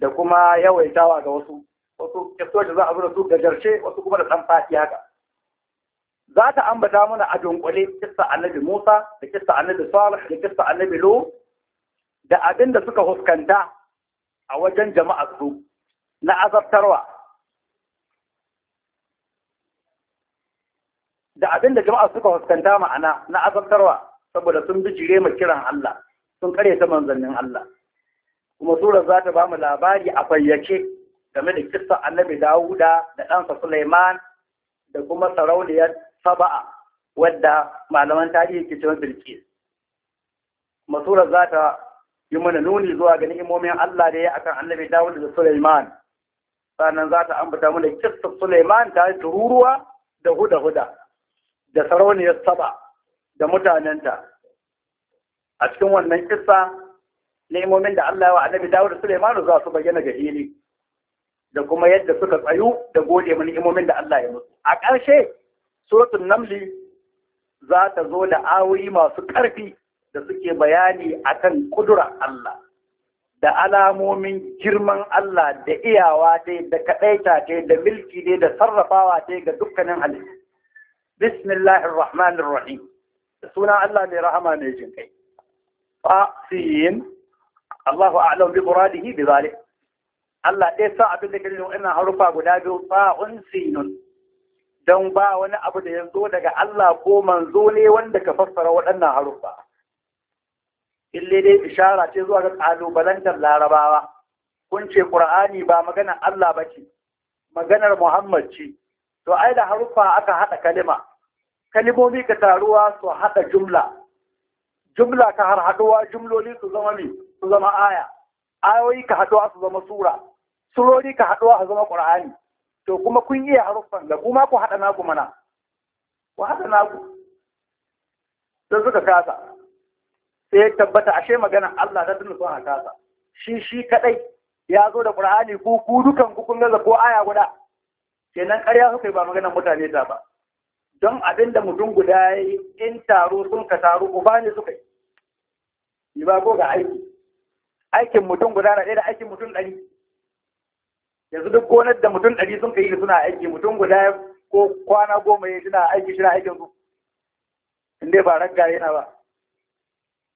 [SPEAKER 2] da kuma yawaitawa ga wasu. Wasu za a zo da su gajarce wasu kuma da ɗan haka. Za ta ambata mana a dunkule kista annabi Musa da kista annabi Salih da kista annabi Lo da abin da suka huskanta a wajen jama'a su na azabtarwa da abin da jama'a suka fuskanta ma'ana na azabtarwa saboda sun bi jire ma kiran Allah sun kare ta manzannin Allah kuma sura za ta ba labari a fayyace game da kissa annabi Dawuda da ɗansa Sulaiman da kuma sarauniyar Saba'a wadda malaman tarihi ke cewa Bilkis. Masura za ta yi mana nuni zuwa ga ni'imomin Allah da ya akan annabi Dawud da Sulaiman sannan za ta ambata mana kissa Sulaiman ta yi tururuwa da huda huda da sarauniyar saba da mutanenta a cikin wannan kissa ni'imomin da Allah ya wa annabi Dawud da Sulaiman zuwa su bayyana ga hili da kuma yadda suka tsayu da gode mana ni'imomin da Allah ya musu a ƙarshe suratul namli za ta zo da awoyi masu ƙarfi da suke bayani akan kudura Allah da alamomin girman Allah da iyawa dai da kaɗaita dai da milki dai da sarrafawa dai ga dukkanin halittu. Bismillahir Rahmanir Rahim. Da sunan Allah mai rahama mai jin kai. Fasiyin Allahu a'lam bi muradihi bi zalik. Allah dai sa abin da kake ina harufa guda biyu fa'un sinun. don ba wani abu da yanzu daga Allah ko manzo ne wanda ka fassara waɗannan haruffa. ille dai ishara ce zuwa ga ƙalubalantar larabawa kun ce ƙur'ani ba maganar Allah ba ce maganar Muhammad ce to ai da harufa aka haɗa kalima kalimomi ka taruwa su haɗa jumla jumla ka har haɗuwa jumloli su zama mi su zama aya ayoyi ka haɗuwa su zama sura surori ka haɗuwa su zama ƙur'ani. to kuma kun iya haruffan da kuma ku haɗa naku mana ku haɗa naku sai suka kasa sai ya tabbata ashe magana Allah ta tunu sun haka shi shi kadai ya zo da Qur'ani ko ku dukan ku kun gaza ko aya guda kenan ƙarya suka ba maganar mutane ta ba don abin da mutum guda ya yi in taro sun ka taro uba ne suka yi ba ko ga aiki aikin mutum guda na ɗaya da aikin mutum ɗari yanzu duk gonar da mutum ɗari sun ka yi suna aiki mutum guda ko kwana goma ya suna aiki shi na aikin su in dai ba ragga yana ba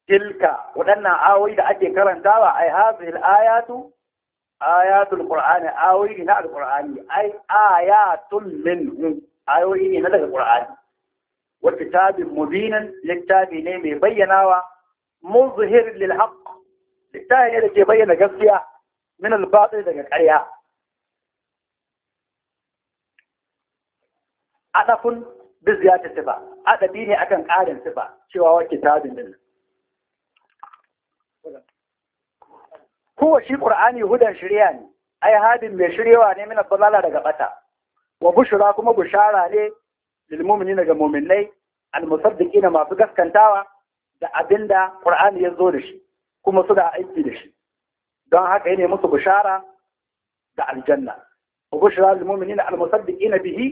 [SPEAKER 2] تلك ودنا اوي دا اكي كرن اي هذه الايات ايات القران اوي هنا القران اي ايات منه اوي هنا القران والكتاب مبينا لكتاب نيم بيناوا مظهر للحق لكتاب اللي بينا جسيا من الباطل دا كريا ادفن بزياده سبا ادبيني اكن قارن سبا هو كتاب منه huwa shi qur'ani hudan shirya ne ai hadin mai shiryawa ne min abdalla daga bata wa bushra kuma bushara ne lil mu'minina ga mu'minai al musaddiqina masu gaskantawa da abinda qur'ani ya zo da shi kuma su da aiki da shi don haka yana musu bushara da aljanna wa bushra lil mu'minina al musaddiqina bihi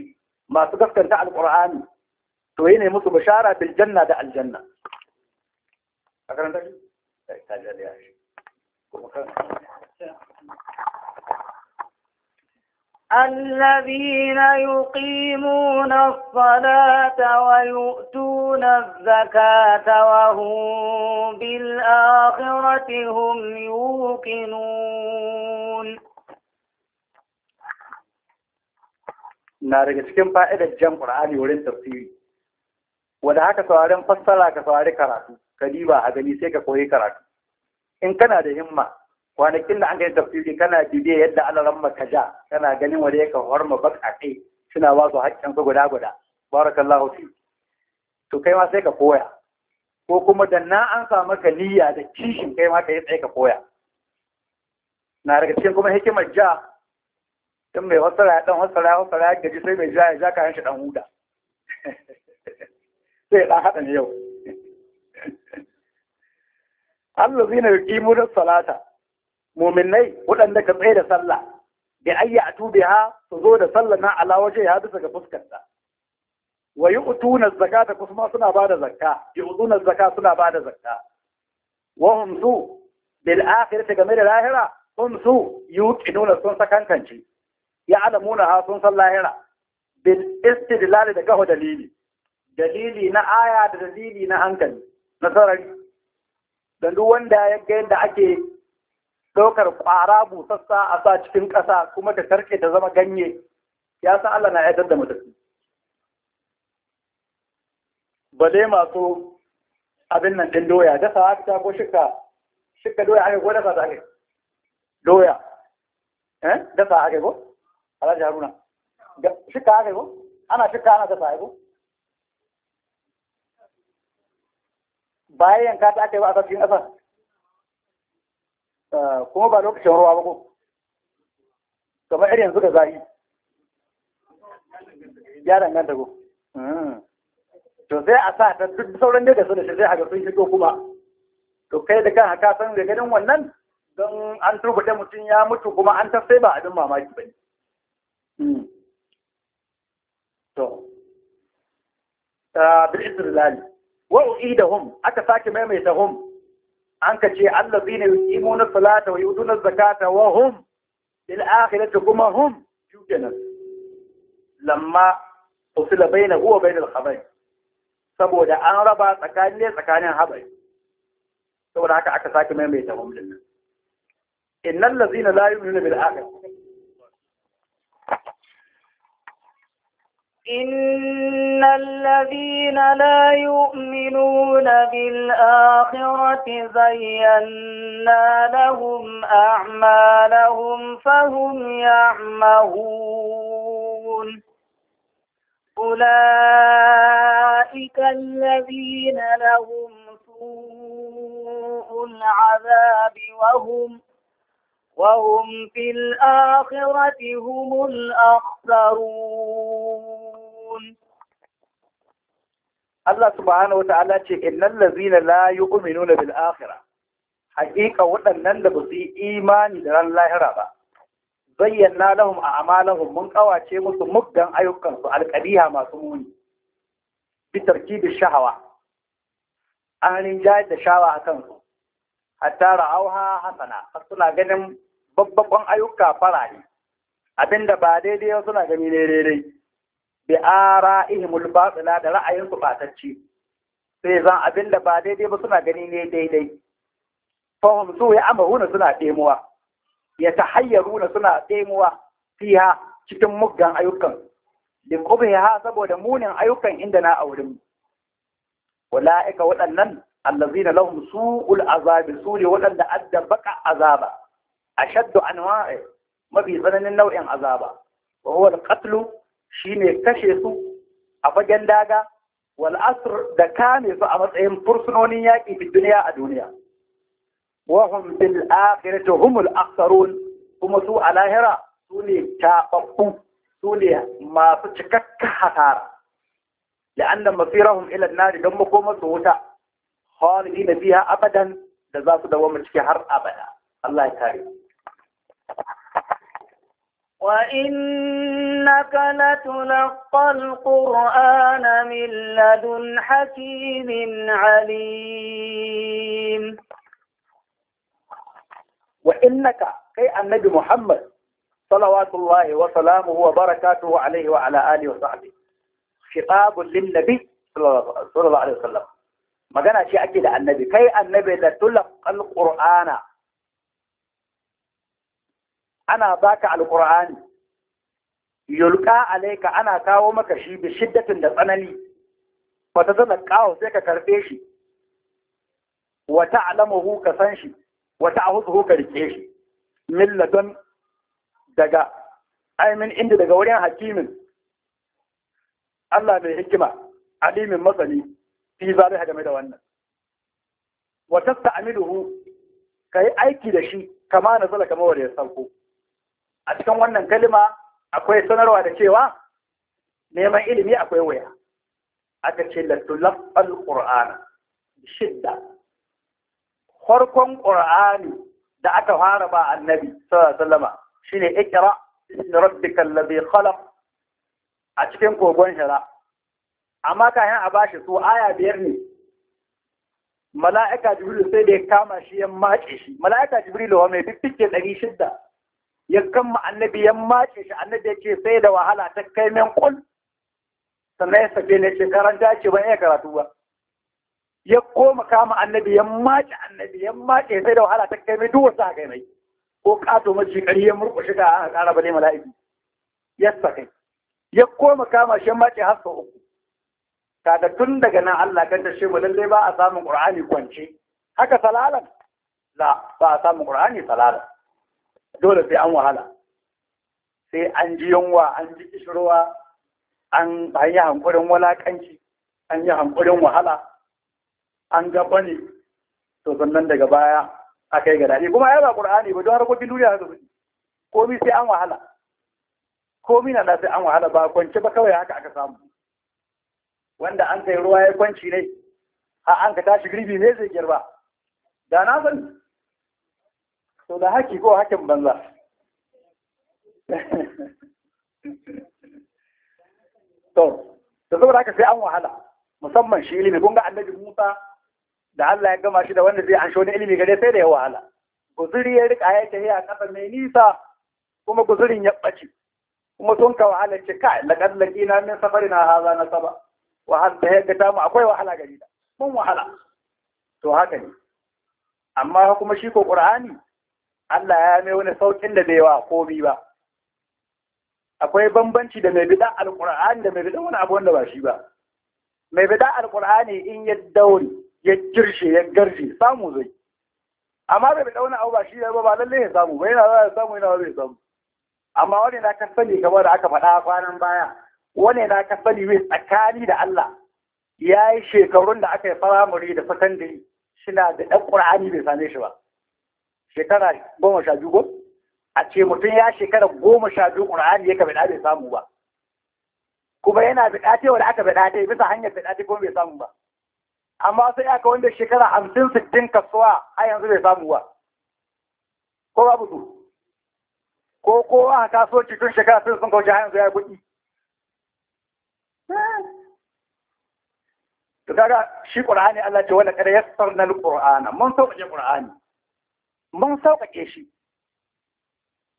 [SPEAKER 2] masu gaskanta al qur'ani to yana musu bushara bil janna da aljanna a karanta shi ta shi
[SPEAKER 1] الذين يقيمون الصلاة ويؤتون الزكاة وهم بالآخرة هم يوقنون
[SPEAKER 2] na daga cikin fa'idar jan ƙur'ani wurin tafsiri wanda haka sauraren fassara ka saurari karatu ka diba a gani sai ka koyi karatu in kana da himma kwanakin da an gani tafsiri kana dide yadda ala ramma ka ja kana ganin wanda yake horma a kai suna ba su haƙƙin su guda guda barakallahu fi to kai ma sai ka koya ko kuma da na an samu ka niyya da kishin kai ma ka yi tsaye ka koya na daga cikin kuma hikimar ja tun mai wasara ya dan wasara ya wasara ya gaji sai mai ja ya ja kayan shi dan huda
[SPEAKER 1] *laughs*
[SPEAKER 2] sai ya dan haɗa yau *laughs* na allazina da salata mu'minai waɗanda ka tsaye da sallah bi ayya ha? su zo da sallah na ala waje ya bisa ga fuskar ta wa yu'tuna zakata kuma suna bada zakka yu'tuna zakka suna bada zakka wa hum su bil akhirati game da lahira hum su yuqinuna sun sakankanci ya alamuna ha sun san lahira bil istidlal da gaho dalili dalili na aya da dalili na hankali na sarari da duk wanda ya ga yadda ake ɗaukar ƙwara busassa a sa cikin ƙasa kuma ta tarke ta zama ganye ya san Allah na yadda da mutum ba dai masu abin nan ɗin doya dasa haka ko shika shika doya ake ko dasa ta ake doya eh dasa ake ko alhaji haruna shika ake ko ana shika ana dasa ake ko bayan yanka ta aka yi ba a sarkin Asar? Ah, kuma ba lokacin ruwa ba ko kamar irin ga zahi ya danganta ko hmm. to sai a sa ta duk sauran da su da shi sai haka sun shigo kuma to kai da kan haka san ganin wannan don an turbuɗe mutum ya mutu kuma an tafsai ba abin mamaki ba ne hmm. to ah, bil istilali wa uidahum aka sake maimaita hum an ka ce Allah yi yuqimuna salata wa yi yutuna zakata wa hum bil akhirati kuma hum yuqinun lamma na bainahu bai bainal khabar saboda an raba tsakanin ne tsakanin habai saboda haka aka sake maimaita hum din nan innal lazina la yu'minuna bil akhirati
[SPEAKER 1] إن الذين لا يؤمنون بالآخرة زينا لهم أعمالهم فهم يعمهون أولئك الذين لهم سوء العذاب وهم وهم في الآخرة هم الأخسرون
[SPEAKER 2] Allah subhanahu wata'ala ce innal ladzina la yu'minuna bil akhirah haqiqa waɗannan da ba su yi imani da ran lahira ba zayyana lahum a'malahum mun kawace musu muggan ayyukan su alqabiha masu muni bi tarkibi shahawa ahalin jahil da shawa a kansu hatta ra'auha hasana har suna ganin babbakon ayyuka farare abinda ba daidai suna gani ne daidai bi ara'ihimul batila da ra'ayinsu batacce, sai zan abin da ba daidai ba suna gani ne daidai fahim su ya amma amahuna suna ɗemuwa ya tahayyaruna suna ɗemuwa fiha cikin muggan ayyukan din ha saboda munin ayyukan inda na aurin wala'ika waɗannan allazina lahum su'ul azabi su ne waɗanda adda baka azaba ashaddu anwa'i mafi tsananin nau'in azaba wa huwa al shine kashe su a fagen daga walasur da kame su a matsayin fursunonin yaƙi fi duniya a duniya wa hum bil akhirati humul aktharun kuma su a lahira su ne tababbu su ne masu cikakka hasara la'anna masirahum ila an-nar dan makomar su wuta khalidina fiha abadan da za su dawo ciki har abada Allah ya kare
[SPEAKER 1] وإنك لتلقى القرآن من لدن حكيم عليم وإنك كي النبي
[SPEAKER 2] محمد صلوات الله وسلامه وبركاته عليه وعلى آله وصحبه خطاب للنبي صلى الله عليه وسلم ما قال شيء أكيد النبي كي النبي لتلقى القرآن ana baka Alƙur'ani. yulqa alaika ana kawo maka shi bi shiddatin da tsanani Wata ta kawo sai ka karɓe shi Wata alamahu ka san shi wa ta'huzuhu ka rike shi min ladan daga aimin inda daga wurin hakimin Allah mai hikima alimin masani fi zalika game da wannan Wata wa ka yi aiki da shi kama nazala kama wanda ya sauko a cikin wannan kalima akwai sanarwa da cewa neman ilimi akwai waya aka ce latulafal qur'ana shidda farkon ƙur'ani da aka fara ba annabi sallama shi ne shine ikra bismi rabbikal khalaf a cikin kogon hira amma kayan a bashi su aya biyar ne mala'ika jibril sai da ya kama shi ya mace shi mala'ika jibril wa mai fiffike ɗari shidda ya kama annabi ya mace shi annabi ya ce sai da wahala ta kai min kul sannan ya sabbe ne shekaran ce ban iya karatu ba ya koma kama annabi ya mace annabi ya mace sai da wahala ta kai min duk wasu kai mai ko kato mace kari ya murƙushe ka a ƙara bane mala'iki ya sake ya koma kama shi mace har sau uku Kada tun daga nan Allah kan ta mu lallai ba a samun Qur'ani kwance haka salalan la ba a samun Qur'ani salalan dole sai an wahala sai an ji yunwa an ji kishirwa an yi hankulin walakanci an yi hankulin wahala an gaba ne to sannan daga baya a kai gadaɗe kuma ya ba ƙur'ani ba don harkokin duniya haka suke komi sai an wahala komi na sai an wahala ba kwance ba kawai haka aka samu wanda an kai ruwa ya kwanci ne a an ka tashi girbi ne zai girba da na sani to da haki ko hakin banza to da saboda haka sai an wahala musamman shi ilimi kun ga annabi Musa da Allah ya gama shi da wanda zai an wani ilimi gare sai da ya wahala guzuri ya rika ya tafi a ƙasa mai nisa kuma guzurin ya ɓace kuma sun ka wahala ce kai laƙar laƙina min safarin na na saba wa hadda ya ta mu akwai wahala gari da mun wahala to haka ne amma kuma shi ko ƙur'ani Allah ya mai wani saukin da bai wa komi ba akwai bambanci da mai bida alqur'ani da mai bida wani abu wanda ba shi ba mai bida alqur'ani in ya dauri ya kirshe ya garje samu zai amma bai bida wani abu ba shi ba ba lalle ya samu bai na ya samu yana zai samu amma wani na kan sani kamar da aka faɗa kwanan baya wani na kan sani tsakani da Allah ya yi shekarun da aka yi firamare da sakandare na da ɗan ƙur'ani bai same shi ba shekara goma sha biyu ko a ce mutum ya shekara goma sha biyu ƙur'ani ya kabe bai samu ba kuma yana da cewa da aka biɗa ta bisa hanyar biɗa ta kuma bai samu ba amma sai aka wanda shekara hamsin sittin kasuwa a yanzu bai samu ba ko babu su ko ko aka kaso tun shekara sun sun kauce har yanzu ya yi kuɗi to kaga shi ƙura'ani Allah ce wala kada ya al ƙura'ana mun sauƙaƙe ƙura'ani mun sauƙaƙe shi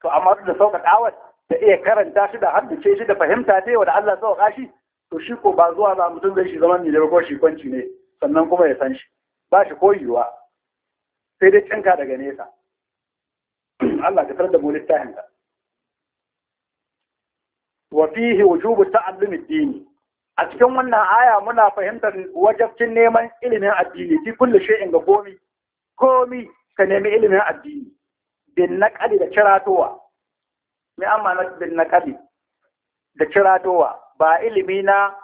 [SPEAKER 2] to amma da wa da iya karanta shi da haddace shi da fahimta ta yau da Allah sauƙa shi to shi ko ba zuwa ba mutum zai shi zaman ne ko shi kwanci ne sannan kuma ya san shi ba shi yiwuwa sai dai cinka daga nesa Allah ka tarar da mu littafin ka wa fihi wujubu ta'allum ad-din a cikin wannan aya muna fahimtar wajabcin neman ilimin addini fi kullu shay'in ga komi komi ka nemi ilimin addini bin naƙali da ciratowa, me amma na bin naƙali da ciratowa, ba ilimi na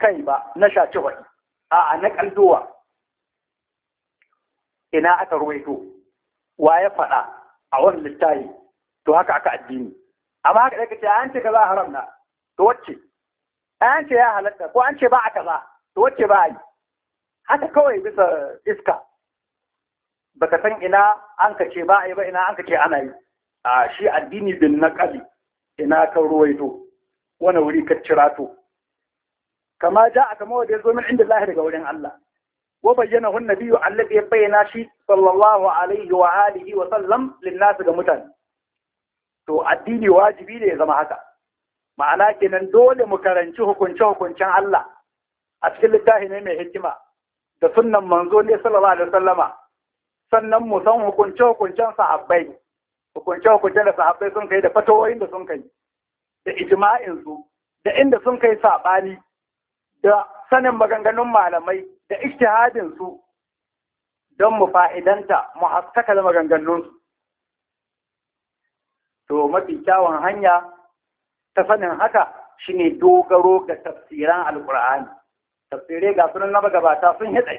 [SPEAKER 2] kai ba na shaci wani a na kalduwa ina aka ruwaito wa ya faɗa a wani littafi to haka aka addini amma haka da kace an ce ka za haram na to wacce an ce ya halatta ko an ce ba a kaza to wacce ba a yi haka kawai bisa iska baka san ina an ka ce ba a yi ba ina an ka ce ana yi a shi addini bin naqali ina ka ruwaito wani wuri ka cirato kama ja aka kama wanda ya zo min inda lahi daga wurin Allah wa bayyana hun nabiyyu allazi ya bayyana shi sallallahu alaihi wa alihi wa sallam linnas ga mutane to addini wajibi ne ya zama haka ma'ana kenan dole mu karanci hukunce hukuncen Allah a cikin littafi ne mai hikima da sunnan manzo ne sallallahu alaihi sallama. sannan mu san hukunce-hukuncen sahabbai hukunce hukunce da sahabbai sun kai da fatawoyin da sun kai da ijma'in su da inda sun kai saɓani da sanin maganganun malamai da ijtihadin su don mu fa'idanta mu haskaka da maganganun su to mafi kyawun hanya ta sanin haka shine dogaro ga tafsiran alkur'ani tafsirai ga sunan na magabata sun hitsa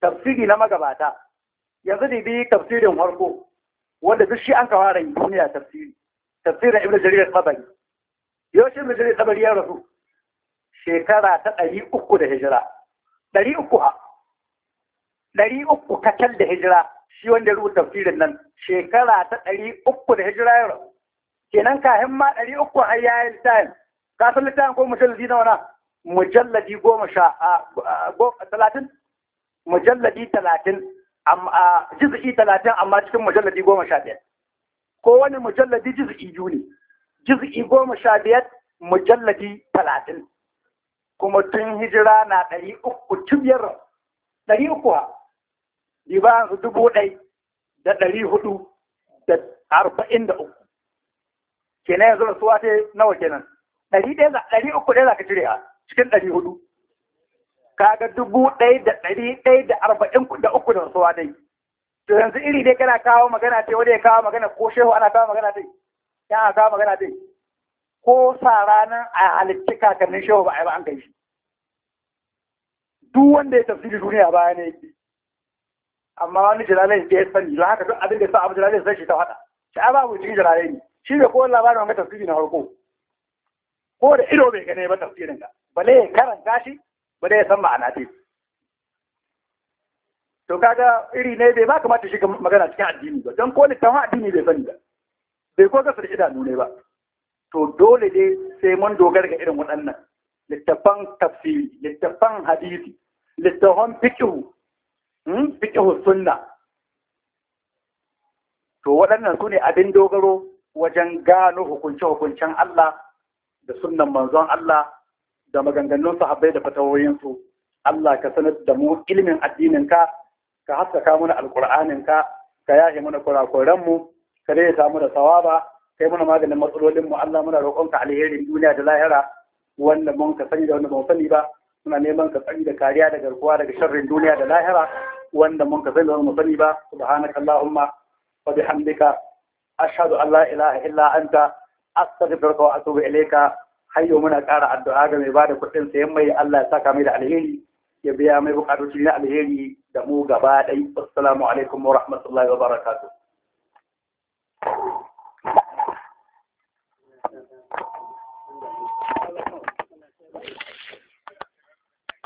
[SPEAKER 2] tafsiri na magabata yanzu da bi tafsirin farko wanda duk shi an kawara duniya tafsiri tafsirin ibnu jarir tabari yau shi ibnu jarir tabari ya rasu shekara ta ɗari uku da hijira ɗari uku ha ɗari uku kacal da hijira shi wanda ya rubuta tafsirin nan shekara ta ɗari uku da hijira ya rasu kenan kahin ma ɗari uku har ya yi littafin ka san littafin ko mujalladi nawa na mujalladi goma sha talatin mujalladi talatin amma juz'i talatin amma cikin mujalladi goma sha biyar ko wani mujalladi juz'i biyu ne juz'i goma sha biyar mujalladi talatin kuma tun hijira na ɗari uku cibiyar ɗari uku ha ba dubu ɗai da ɗari hudu da arba'in da uku kenan yanzu rasuwa ta nawa kenan ɗari ɗaya ɗari uku ɗaya za ka cire ha cikin ɗari hudu kaga dubu ɗaya da ɗari ɗaya da arba'in da uku da rasuwa dai to yanzu iri dai kana kawo magana ce wanda ya kawo magana ko shehu ana kawo magana dai ya kawo magana dai ko sa ranar a halittu kakannin shehu ba a yi ba an kai shi duk wanda ya tafsiri duniya baya ne yake amma wani jalalai da ya sani don haka duk abin da ya sa abu jalalai sai shi ta faɗa shi ba mu cikin jalalai ne shi ne ko labarin wanga tafsiri na farko ko da ido bai gane ba tafsirin ka bale ya karanta shi ba dai ya san ma'ana ce. to kaga iri ne bai ma kamata shiga magana cikin addini ba don ko littafin addini bai sani ba bai ko sarki idanu ne ba to dole dai sai mun dogara ga irin waɗannan littafan tafsiri littafan hadisi littafan fiqhu hmm sunna to waɗannan su ne abin dogaro wajen gano hukunce-hukuncen Allah da sunnan manzon Allah da maganganun sahabbai da fatawoyinsu Allah ka sanar da mu ilimin addininka ka haskaka mana alƙur'aninka ka yahe mana mu ka daidaita mu da sawaba kai mana maganin matsalolinmu Allah muna roƙonka alherin duniya da lahira wanda mun ka sani da wanda mun sani ba muna neman ka tsari da kariya da garkuwa daga sharrin duniya da lahira wanda mun ka sani da wanda mun sani ba subhanaka allahumma wa bihamdika ashhadu an la ilaha illa anta astaghfiruka wa atubu ilayka har yau muna ƙara addu'a ga mai bada kuɗin sayan mai Allah ya saka mai da alheri ya biya mai buƙatoci na alheri da mu gaba ɗai assalamu alaikum wa rahmatullahi wa barakatuh